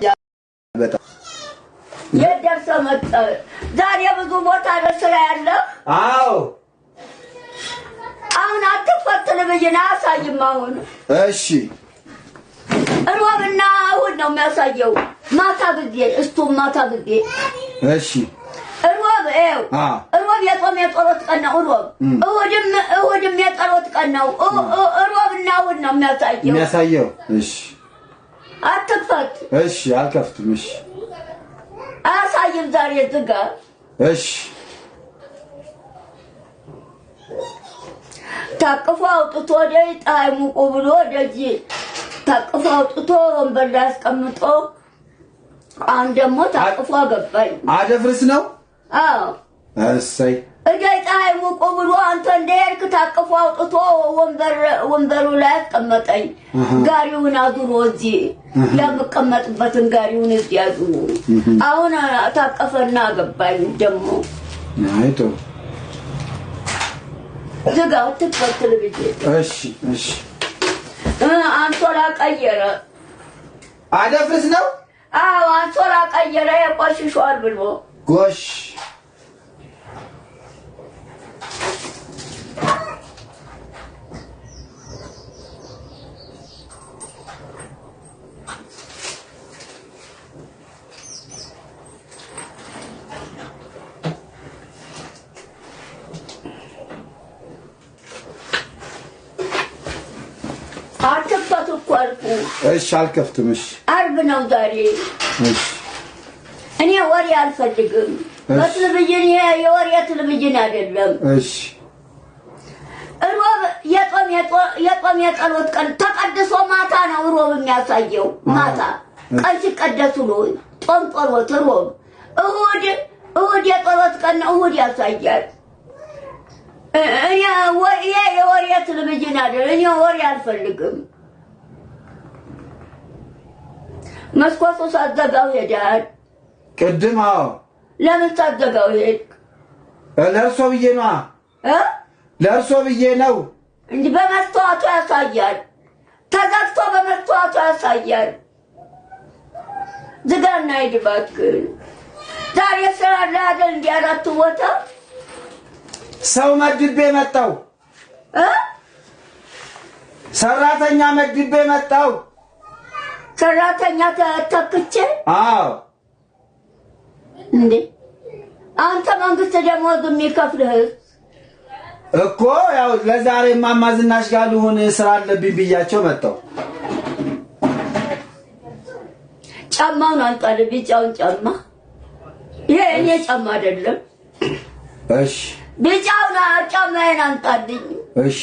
የት ደርሰህ መጣህ? ዛሬ ብዙ ቦታ ስራ ያለ። አዎ አሁን አትፈትል ብይን አያሳይም። አሁን እሺ፣ እሮብና እሑድ ነው የሚያሳየው። ማታ ጊዜ እስቱም ማታ ጊዜ እሺ እሮብ ይኸው የጾም የጸሎት ቀን ነው። እሮብ እሑድም እሑድም የጸሎት ቀን ነው። እሮብና እሑድ ነው የሚያሳየው የሚያሳየው። እሺ አትክፈት። እሺ፣ አልከፍትም። እሺ፣ አያሳይም። ዛሬ ዝጋ። እሺ፣ ታቅፎ አውጥቶ ወደ ፀሐይ ሙቁ ብሎ ወደዚህ ታቅፎ አውጥቶ ወንበር ላይ አስቀምጦ፣ አሁን ደግሞ ታቅፎ አገባኝ። አደፍርስ ነው። አዎ፣ እሰይ አልቦቆ ብሎ አንተ እንደሄድክ ታቅፎ አውጥቶ ወንበሩ ላይ አስቀመጠኝ። ጋሪውን አዙሮ እዚህ ለምቀመጥበትን ጋሪውን እዚህ አዙሮ አሁን ታቀፈና አገባኝ። ደግሞ አይቶ ዝጋው ትፈትል ብዬ እሺ፣ እሺ አንሶላ ቀየረ። አደፍርስ ነው? አዎ አንሶላ ቀየረ። የቆሽሿል ብሎ ጎሽ አልከፋት እኮ አልኩ። እሺ አልከፍትም። እሺ አርብ ነው ዛሬ። እሺ እኔ ወሬ አልፈልግም። በቴሌቪዥን ይሄ የወሬ ቴሌቪዥን አይደለም። እሺ ሮብ የጾም የጸሎት ቀን ተቀድሶ ማታ ነው ሮብ የሚያሳየው። ማታ ቀን ሲቀደስ ውሎ ጾም ጸሎት ሮብ፣ እሁድ እሁድ የጸሎት ቀን ነው እሁድ ያሳያል። የወሬት ልምጅ ናደር እኔ ወሬ አልፈልግም። መስኮቱ ሳዘጋው ሄዳል። ቅድም አዎ፣ ለምን ሳዘጋው ሄድክ? ለእርሶ ብዬ ነዋ። ለእርሶ ብዬ ነው እንጂ በመስተዋቱ ያሳያል። ተዘግቶ በመስተዋቱ ያሳያል። ዝጋና ሂድ እባክህ። ዛሬ ስራ አለ አይደል? እንዲህ አራት ቦታ ሰው መድቤ መጣው። ሰራተኛ መድቤ መጣው። ሰራተኛ ተተክቼ። አዎ እንዴ አንተ መንግስት ደሞዝ የሚከፍልህ እኮ ያው ለዛሬ እማማ ዝናሽ ጋር ልሆን ስራ አለብኝ ብያቸው መጣው። ጫማውን አንጣልኝ፣ ቢጫውን ጫማ። ይሄ እኔ ጫማ አይደለም። እሺ ቢጫውን ጫማዬን አምጣልኝ። እሺ